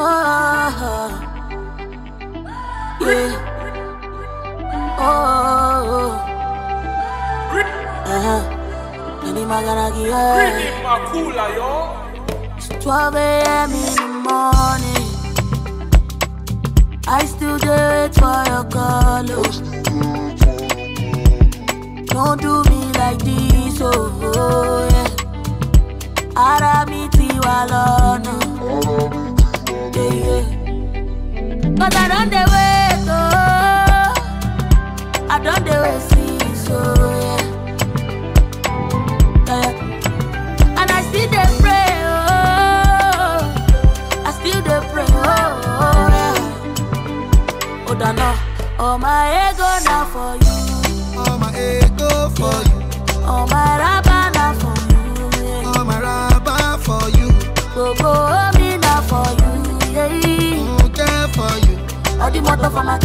Oh, yeah. Oh, uh-huh. uh-huh. Nini magana yo. It's 12 a.m. in the morning. I still wait for your call. Don't do me like this, oh, oh yeah. Ara mi ti wa lọ́nà. yeah. But I don't they wait, oh. I don't they wait, see, so yeah. yeah. And I still they pray, oh. I still they pray, oh, oh yeah. Oh, don't know. my ego now for you. I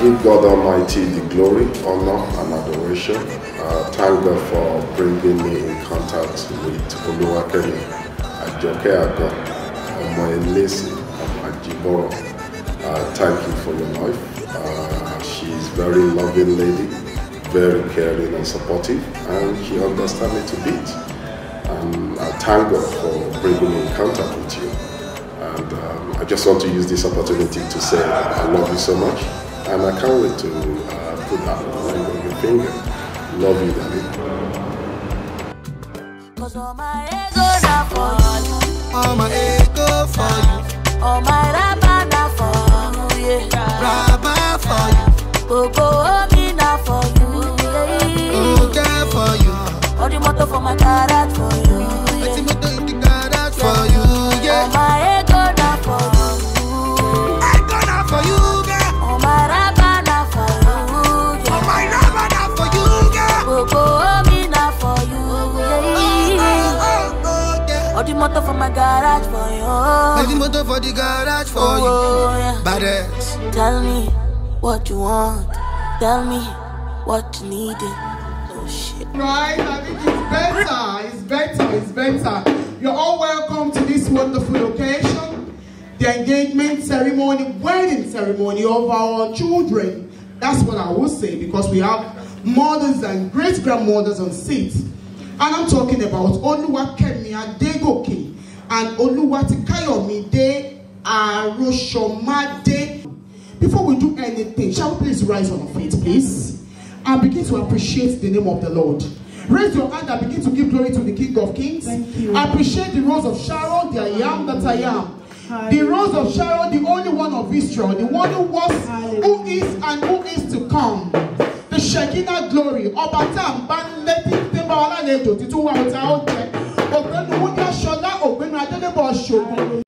give God Almighty the glory, honor, and adoration. Uh, thank God for bringing me in contact with Oluwakemi. Jọkẹ́ Àgọ ọmọ Ẹlẹ́sìn uh, thank you for your life. uh, she very loving lady very caring and supportive and she understands me to bit and I uh, thank God for bringing me in contact with you and um, I just want to use this opportunity to say I love you so much and I can't wait to uh, put that ring on your finger love you darling. All my ego for you. All my raba na for you. Yeah. for you. Gbogbo omi na for you. Yeah. Okay for you. All the motor for my car for you. motor for my garage for you. Buy motor for the garage for oh, you. Oh, yeah. Badass. Tell me what you want. Tell me what you needed. Oh shit. Right? I think it's better. It's better. It's better. You're all welcome to this wonderful location. The engagement ceremony, wedding ceremony of our children. That's what I will say because we have mothers and great grandmothers on seats. And I'm talking about Oluwakemi Adegoke and Oluwatikayomi De Aroshomade. Before we do anything, shall we please rise on our feet, please? And begin to appreciate the name of the Lord. Raise your hand and begin to give glory to the King of Kings. Thank you. Appreciate the rose of Sharon, the I am that I am. The rose of Sharon, the only one of Israel, the one who was, who is, and who is to come. The Shekinah glory, Obata and bá wa lálejò títún wà ó ta ògbénu wúndíá ṣọlá ògbénu adélébọ̀ ṣògùn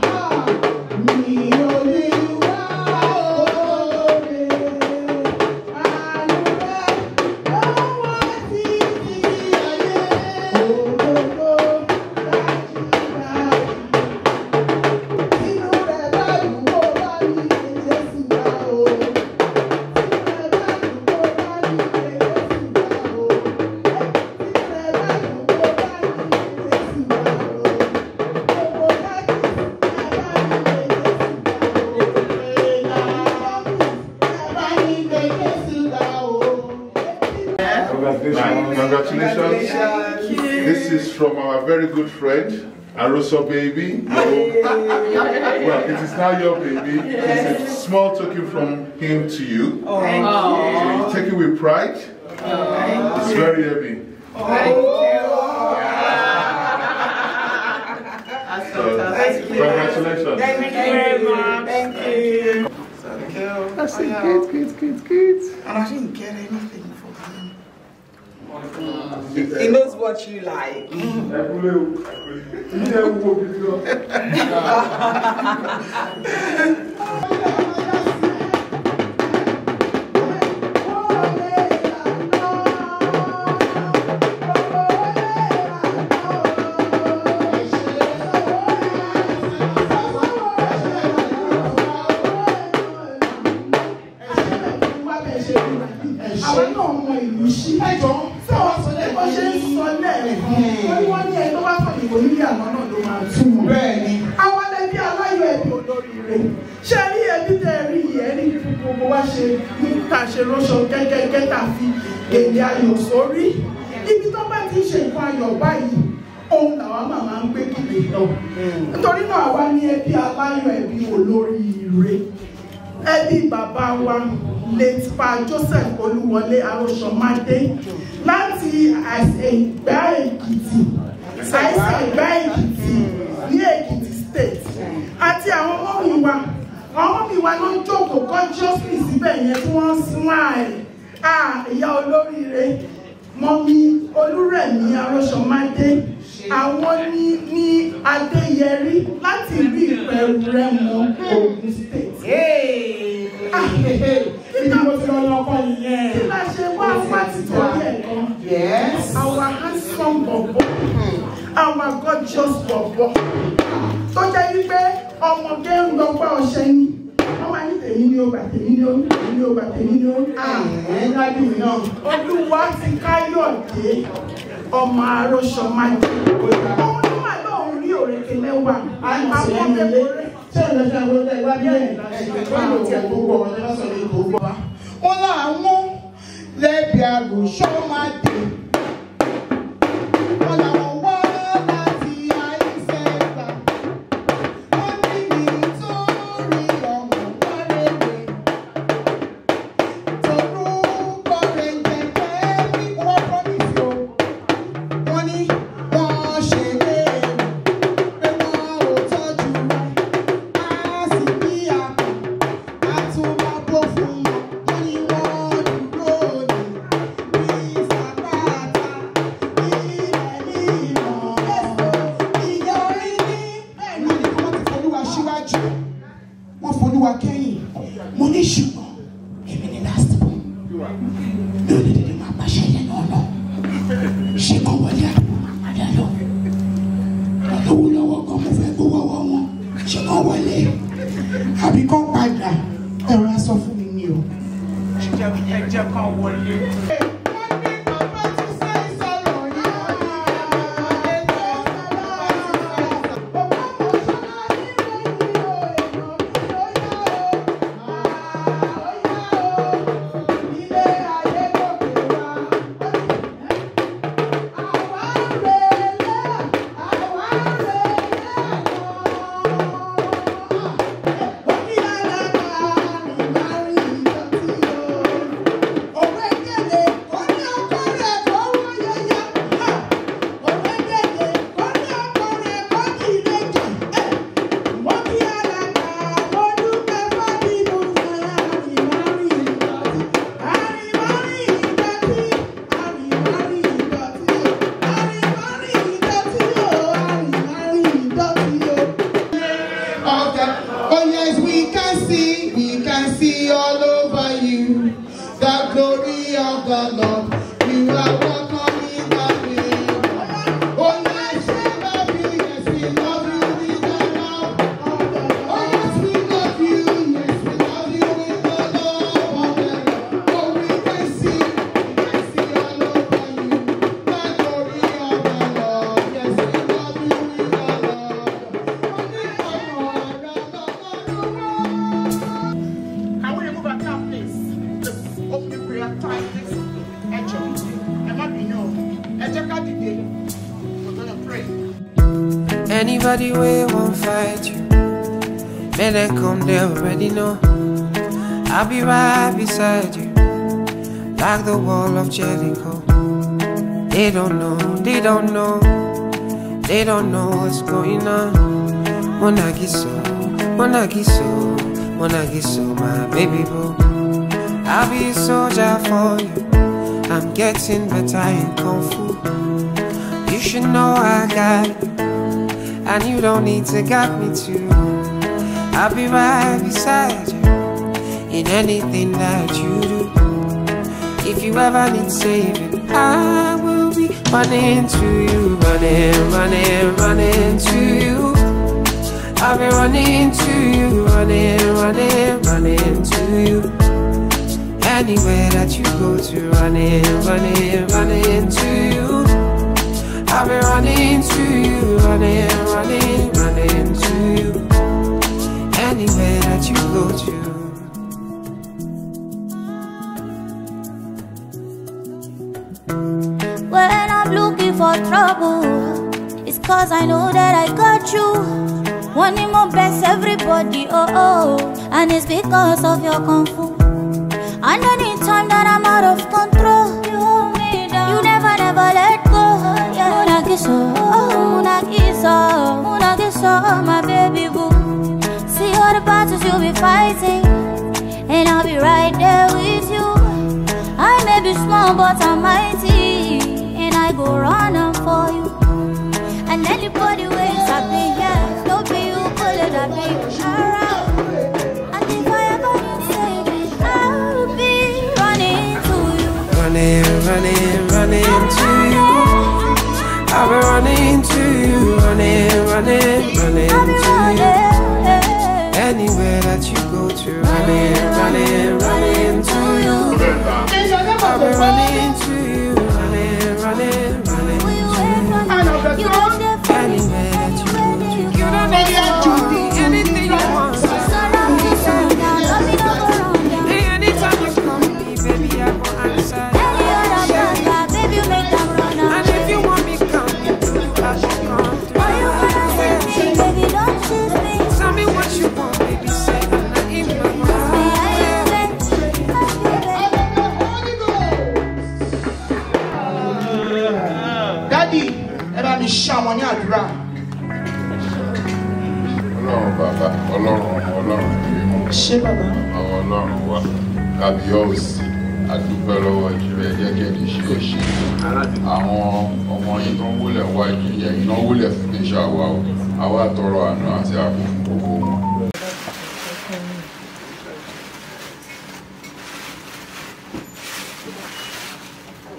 Fred, Arosa baby. well, it is now your baby. It's a small token from him to you. Oh. So you take it with pride. Oh. It's very heavy. Oh. Thank you. Congratulations. Thank you very much. Thank you. Thank you. I it, kids, kids, kids, kids. And I didn't get anything. He knows what you like. ayọ̀ sórí ibi tó bá ti ṣe nǹkan ayọ̀ báyìí òun làwọn màmá ń gbé kìlè lọ hmm. nítorí náà wá ní ẹbí aláyọ̀ ẹbí olóríire ẹbí bàbá wa late pa Joseph Olúwọlé Arósọmádé láti Àìsègbà Èkìtì Àìsègbà Èkìtì ní Èkìtì state àti àwọn ọmọ mi wa àwọn ọmọ mi wa ló ń jókòó consciously síbẹ̀ yẹn tí wọ́n smile. Ah, ìyá olóríire mọ́mí olúrẹ̀mí arọ́ṣọ́mádé àwọn ní ní adéyẹrí láti rí ìpẹ̀rù rẹ̀ mọ́ Ògùn state. Títí mo ti lọ lọ́kọ́ nìyẹn. Kí la ṣe wá wá títí ọdẹ kan? Our handsome bọ̀bọ̀, our gorgeous bọ̀bọ̀, tó jẹ́ wípé ọmọge ń lọ gbá ọṣẹ ni tèmi ni ó gbà tèmi ni ó tèmi ni ó gbà tèmi ni ó àmín dájú mi náà olúwa ti káyọ̀dé ọmọ arósọ máa jẹ òun ló máa lọ òun rí òrèké lẹ́wà àwọn of the Lord. already know I'll be right beside you Like the wall of Jericho They don't know, they don't know They don't know what's going on When I get so, when I get so When I get so, my baby boy. I'll be a soldier for you I'm getting better in Kung Fu You should know I got it And you don't need to got me too I'll be right beside you in anything that you do. If you ever need saving, I will be running to you, running, running, running to you. I'll be running to you, running, running, running to you. Anywhere that you go to, running, running, running to you. I'll be running to you, running, running, running to you anywhere that you go to. When I'm looking for trouble, it's cause I know that I got you. Wanting my best, everybody, oh oh. And it's because of your kung fu. And time that I'm out of control, you hold me down. You never, never let go. Yeah. Muna oh, oh Munakiso, oh. Munakiso, oh, my baby all the battles you'll be fighting And I'll be right there with you I may be small but I'm mighty And I go run up for you And anybody waits, I'll be here Don't be you, bullet, I'll be around And if I'll be running to you Running, running, running to you I'll be running to you Running, running, running running to you, running, running, running. We were running.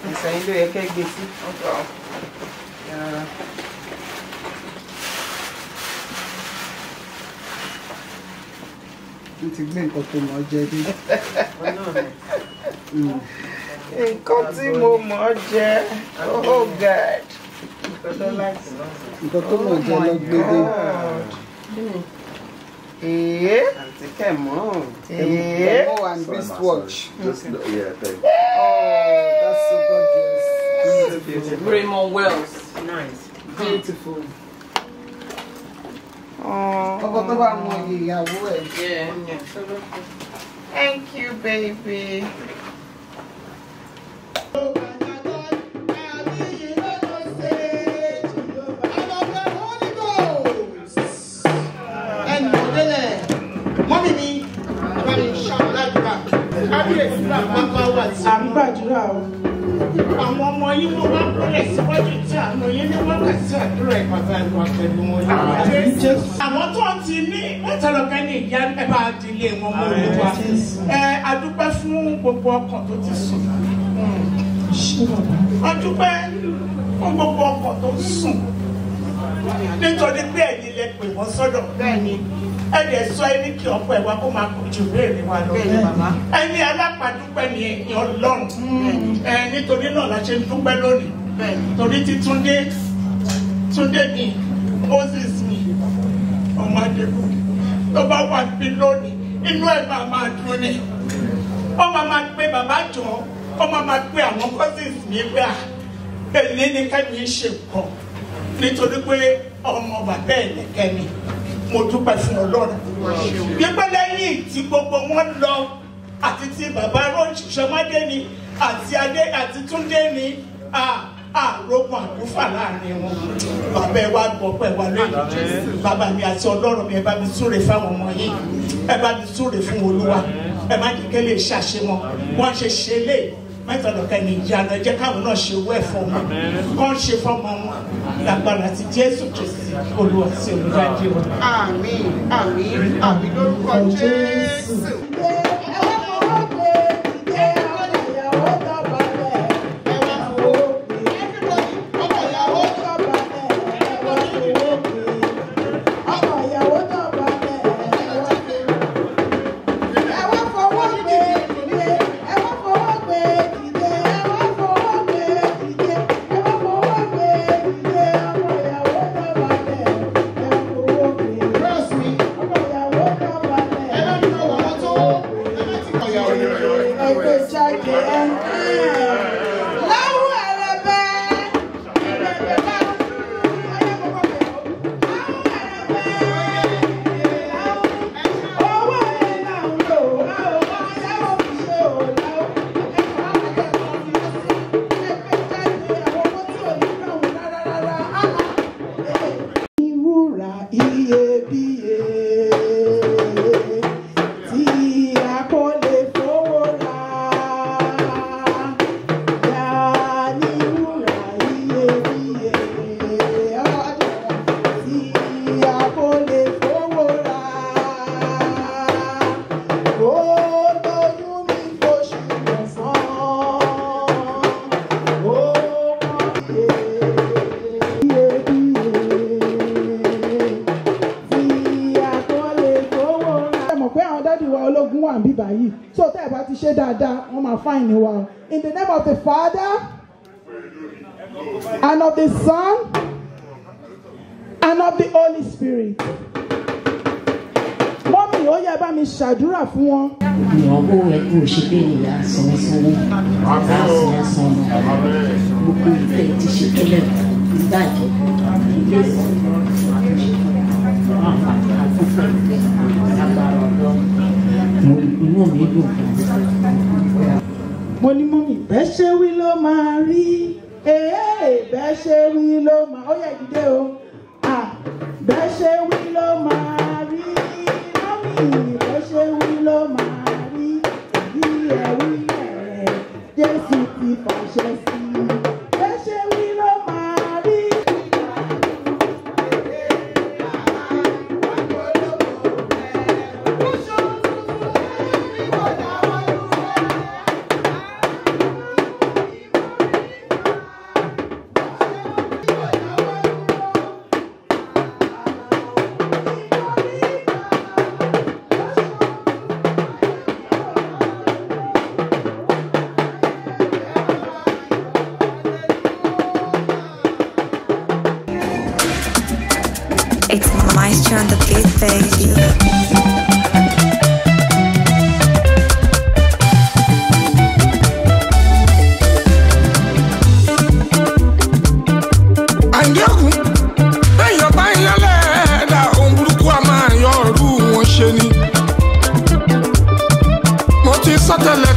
ìsẹ̀yìn ló yẹ kẹ́ gbé sí ọ̀tọ̀ yàrá. n ti gbé nǹkan tó mọ̀ ọ́ jẹ dé. nǹkan tí mo mọ̀ ọ́ jẹ oh god. nǹkan tó mọ̀ ọ́ jẹ lọ gbé dé. Ah. Eh? come on. Eh? Oh, and Sorry, wristwatch. yeah, thank you. Oh, that's so gorgeous. Beautiful. Beautiful. Raymond Wells. Nice. Beautiful. Oh. Yeah. Thank you, baby. kábíyèsí ń gbàdúrà o. àwọn ọmọ yín wọn bá kúnlẹ̀ síwájú tí àánú yín ní wákàtí àdúrà ìpàtà ìwà pẹ̀lú wọn àwọn tó ti ní mẹ́tàlọ́kẹ́ ní ìyá ẹ bá dilé wọn mọ́ olúwa. ẹ adúpẹ́ fún gbogbo ọkàn tó ti sùn. adúpẹ́ fún gbogbo ọkàn tó sùn. nítorí bẹ́ẹ̀ ni lẹ pè wọ́n sọ́dọ̀. bẹ́ẹ̀ ni ẹni ẹ̀sọ́ ẹni kí ọkọ ẹ̀ wá kó máa kó ju béèrè wa lọ ẹni alápàdúpẹ́ ni ẹ̀yìn ọlọ́run ẹ nítorí náà la ṣe ń dúpẹ́ lónìí torí ti Túndé Túndé mi Moses mi ọmọ Adébóyè tó bá wà bí lónìí inú ẹ̀ máa máa dùn ni ó máa máa gbé bàbá jọ ó máa máa gbé àwọn cousins mi gbà èyí ni kẹ́mi ṣe pọ̀ nítorí pé ọmọ bàbá ẹ̀ nìkẹ́mi mo dúpẹ́ fún ọlọ́run wípé lẹ́yìn tí gbogbo wọn lọ àti ti bàbá rọ́ṣọmọdé ni àti adé àti túndé ni àrògùn àdúfà láàrin wọn bàbá ẹ wá gbọ́ pẹ wá lónìí bàbá mi àti ọlọ́run mi ẹ bá mi súre fáwọn ọmọ yìí ẹ bá mi súre fún olúwa ẹ má jẹ́ kí ẹ lè ṣàṣemọ wọn ṣe ṣe léè mẹ́tọ̀lọ́kẹ́ ní ìyanu ẹ̀jẹ̀ káwọn náà ṣe owó ẹ̀fọ́ wọn kọ́ ń ṣe fọ́mọ wọn lágbára ti Jésù Kristi Olúwa sí olùdájẹ́ wọn. àmín àmín àmín lórúkọ Jésù. àǹfààní wa in the name of the Father and of the Son and of the Holy Spirit. mọ́mì ó yẹ bá mi ṣàdúrà fún wọn. ìyàwó rẹ kò ṣe pé ìyá sanwó-sanwó bàbá sanwó-sanwó gbogbo ìfẹ́ ti ṣe tẹ́lẹ̀ ìbàdí ilé àkókò àkókò ìyàgbára ọ̀dọ́ inú mi dùn fún mi mo ní mọ́mì bẹ́ẹ̀ ṣe wí ló máa rí bẹ́ẹ̀ ṣe wí ló máa ó yá ìdílé o.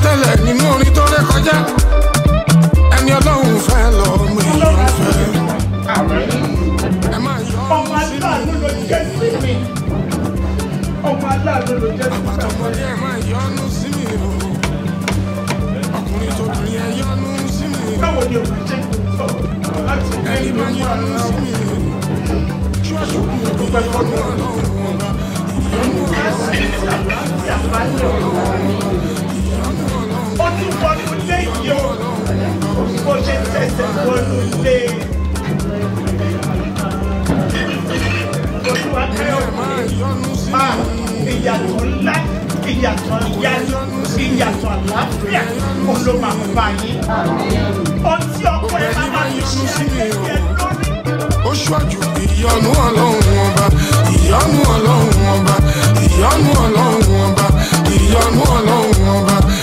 tẹ́lẹ̀ nínú orin tó ré kọjá ẹni ọlọ́run fẹ́ lọ ọmọ èèyàn fẹ́. ẹ máa yọ ọmọ sí mi ọmọ aláàánú ló jẹ́ sí mi. àpàtàkùnrin ẹ máa yọ ọ́nú sí mi o ọkùnrin tó dùn yẹn yọ sí mi. báwo ni òun ṣe sọ láti ẹni bá yọ sí mi ṣọ́ọ̀ṣì kù tó pẹ́ fọ́nù ọlọ́run ọba ìyọ́nú ọlọ́run ọba ìyàpá ní ọ̀rọ̀ mi mo ti wọnú ilé yìí o bó ṣe tẹ̀sẹ̀ wọnú bá yín. ọlọ́run ọba ìyọnu ọlọ́run ọlọ́run ọba ìyọnu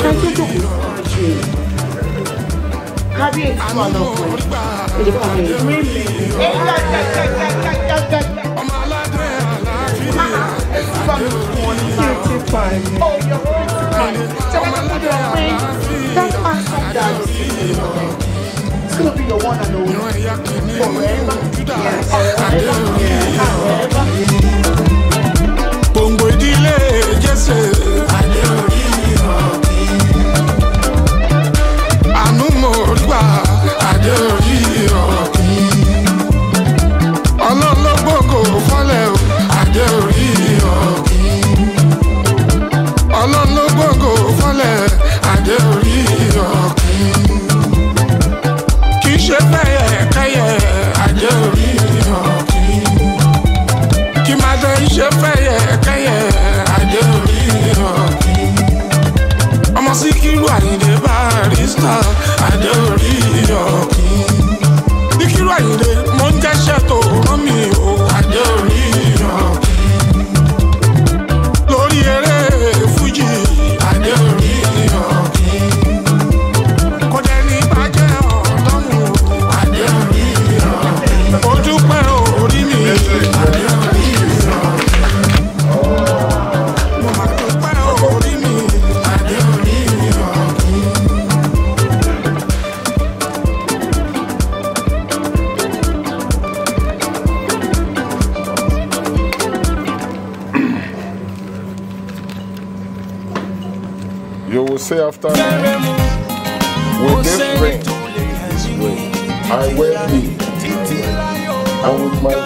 kábíyèsí wà lọ́kùnrin èdè kan rèé. ọmọ aládé àlàáfíà. It's gonna be your one and only forever. Forever. Forever. Gbòǹgbò ìdílé Jésù. Yeah.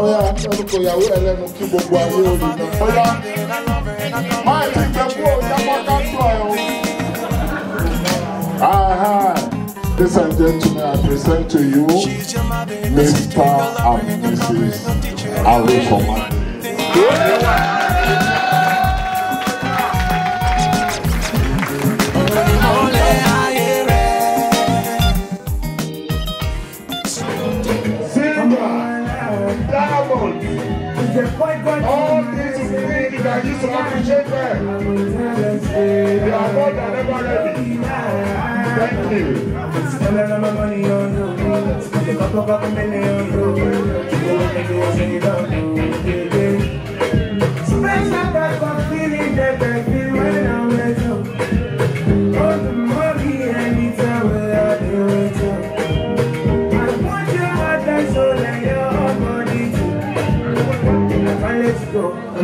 Oya orúkọ Aha, ladies and gentlemen, I present to you Mr. and Mrs. Awe Komade. Yeah. All these things that used to appreciate they are more than ever Thank you. Spending all my money on about feeling that I feel.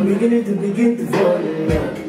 beginning to begin to fall in love.